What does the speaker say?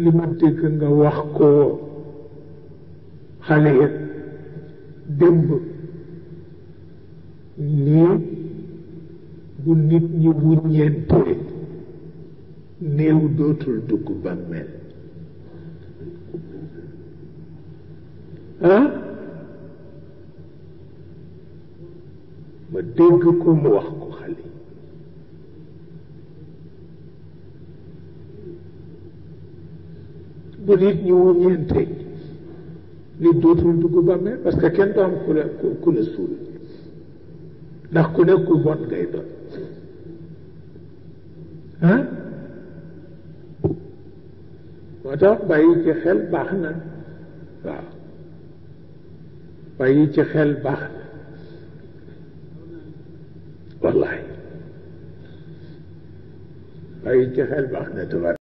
li ma dégg nga wax ko xale ya démb nii bu nit ñi wuññeentee néew dootul dugg bàmmeel ah ma dégg ko mu wax ko bu nit ñu wëññeente nit dootul dugg bàmmeel parce que kenn du am ku la ku la suul ndax ku ne bon ngay doon ah moo tax bàyyi ci xel baax na waaw bàyyi ci xel baax na wallahi bàyyi ci xel baax na tabaar